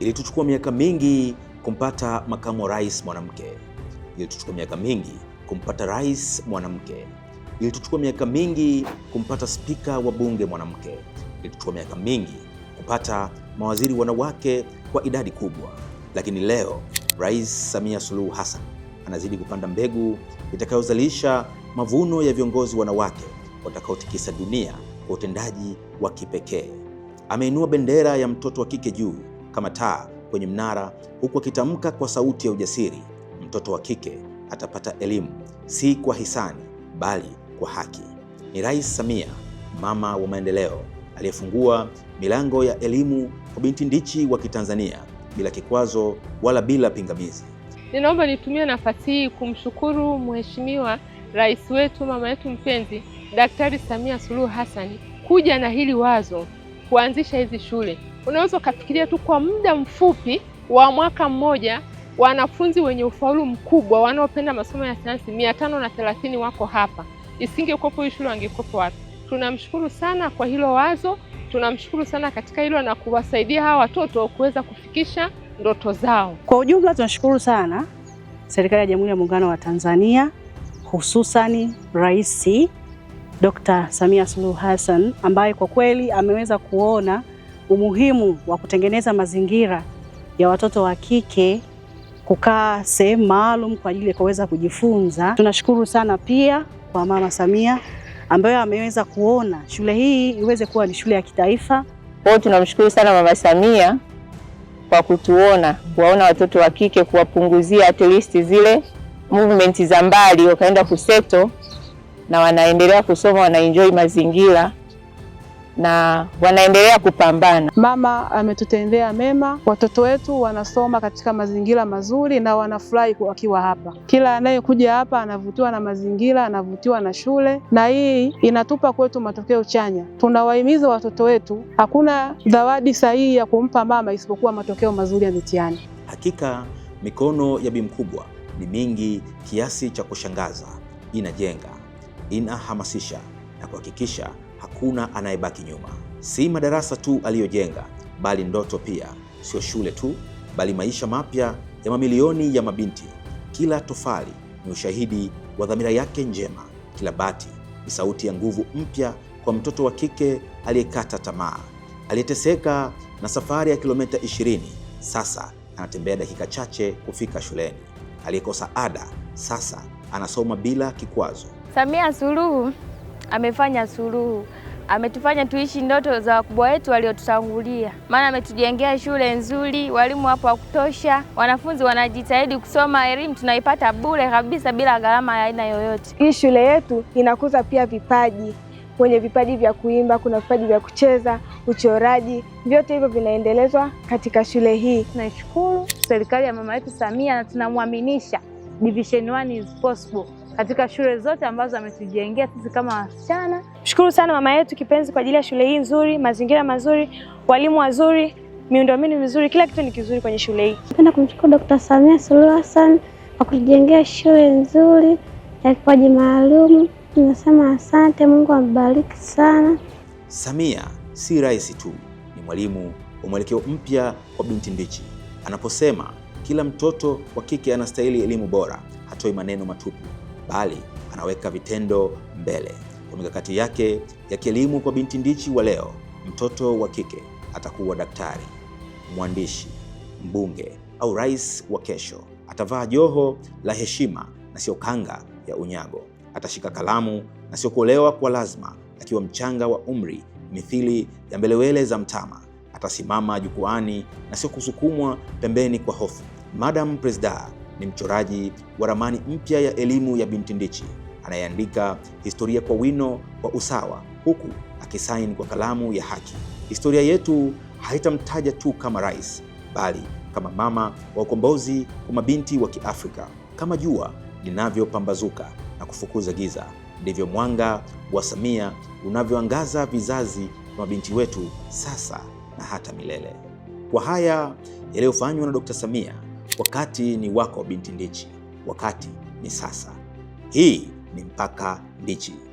Ilituchukua miaka mingi kumpata makamu wa rais mwanamke, ilituchukua miaka mingi kumpata rais mwanamke, ilituchukua miaka mingi kumpata spika wa bunge mwanamke, ilituchukua miaka mingi kupata mawaziri wanawake kwa idadi kubwa, lakini leo Rais Samia Suluhu Hassan anazidi kupanda mbegu itakayozalisha mavuno ya viongozi wanawake watakaotikisa dunia kwa utendaji wa kipekee. Ameinua bendera ya mtoto wa kike juu kama taa kwenye mnara, huku akitamka kwa sauti ya ujasiri, mtoto wa kike atapata elimu, si kwa hisani, bali kwa haki. Ni Rais Samia, mama wa maendeleo, aliyefungua milango ya elimu kwa binti ndichi wa Kitanzania bila kikwazo wala bila pingamizi. Ninaomba nitumie nafasi hii kumshukuru Mheshimiwa Rais wetu, mama yetu mpenzi, Daktari Samia Suluhu Hassan kuja na hili wazo kuanzisha hizi shule. Unaweza ukafikiria tu kwa muda mfupi wa mwaka mmoja wanafunzi wenye ufaulu mkubwa wanaopenda masomo ya sayansi mia tano na thelathini wako hapa. Isingekuwepo hii shule, wangekuwepo wapi? Tunamshukuru sana kwa hilo wazo, tunamshukuru sana katika hilo na kuwasaidia hawa watoto kuweza kufikisha ndoto zao. Kwa ujumla, tunashukuru sana serikali ya Jamhuri ya Muungano wa Tanzania, hususani Raisi Dr. Samia Suluhu Hassan ambaye kwa kweli ameweza kuona umuhimu wa kutengeneza mazingira ya watoto wa kike kukaa sehemu maalum kwa ajili ya kuweza kujifunza. Tunashukuru sana pia kwa Mama Samia ambaye ameweza kuona shule hii iweze kuwa ni shule ya kitaifa. Kwa hiyo tunamshukuru sana Mama Samia kwa kutuona, kuwaona watoto wa kike, kuwapunguzia at least zile movement za mbali wakaenda kuseto na wanaendelea kusoma, wanaenjoy mazingira na wanaendelea kupambana. Mama ametutendea mema, watoto wetu wanasoma katika mazingira mazuri na wanafurahi wakiwa hapa. Kila anayekuja hapa anavutiwa na mazingira, anavutiwa na shule, na hii inatupa kwetu matokeo chanya. Tunawahimiza watoto wetu, hakuna zawadi sahihi ya kumpa mama isipokuwa matokeo mazuri ya mitihani. Hakika mikono ya Bi Mkubwa ni mingi kiasi cha kushangaza, inajenga inahamasisha na kuhakikisha hakuna anayebaki nyuma. Si madarasa tu aliyojenga, bali ndoto pia. Sio shule tu, bali maisha mapya ya mamilioni ya mabinti. Kila tofali ni ushahidi wa dhamira yake njema, kila bati ni sauti ya nguvu mpya kwa mtoto wa kike aliyekata tamaa, aliyeteseka na safari ya kilomita 20 sasa anatembea dakika chache kufika shuleni, aliyekosa ada sasa anasoma bila kikwazo, Samia Suluhu amefanya suluhu, ametufanya tuishi ndoto za wakubwa wetu waliotutangulia, maana ametujengea shule nzuri, walimu hapo wa kutosha, wanafunzi wanajitahidi kusoma, elimu tunaipata bure kabisa bila gharama ya aina yoyote. Hii shule yetu inakuza pia vipaji kwenye vipaji vya kuimba, kuna vipaji vya kucheza, uchoraji, vyote hivyo vinaendelezwa katika shule hii. Tunashukuru serikali ya mama yetu Samia na tunamwaminisha division one is possible katika shule zote ambazo ametujengea sisi kama wasichana. Shukuru sana mama yetu kipenzi kwa ajili ya shule hii nzuri, mazingira mazuri, walimu wazuri, miundombinu mizuri, kila kitu ni kizuri kwenye shule hii. Napenda kumshukuru Dr. Samia Suluhu Hassan kwa kutujengea shule nzuri ya kipaji maalum. Tunasema asante, Mungu ambariki sana. Samia si rais tu, ni mwalimu wa mwelekeo mpya wa binti mbichi. Anaposema kila mtoto wa kike anastahili elimu bora, hatoi maneno matupu bali anaweka vitendo mbele. Kwa mikakati yake ya kielimu kwa binti ndichi wa leo, mtoto wa kike atakuwa daktari, mwandishi, mbunge au rais wa kesho. Atavaa joho la heshima na sio kanga ya unyago. Atashika kalamu na sio kuolewa kwa lazima. Akiwa mchanga wa umri, mithili ya mbelewele za mtama, atasimama jukwaani na sio kusukumwa pembeni kwa hofu. Madam Presda ni mchoraji wa ramani mpya ya elimu ya binti Ndichi anayeandika historia kwa wino wa usawa huku akisaini kwa kalamu ya haki. Historia yetu haitamtaja tu kama rais, bali kama mama wa ukombozi kwa mabinti wa Kiafrika. Kama jua linavyopambazuka na kufukuza giza, ndivyo mwanga wa Samia unavyoangaza vizazi vya mabinti wetu sasa na hata milele. Kwa haya yaliyofanywa na Dr. Samia Wakati ni wako binti Ndichi, wakati ni sasa. Hii ni Mpaka Ndichi.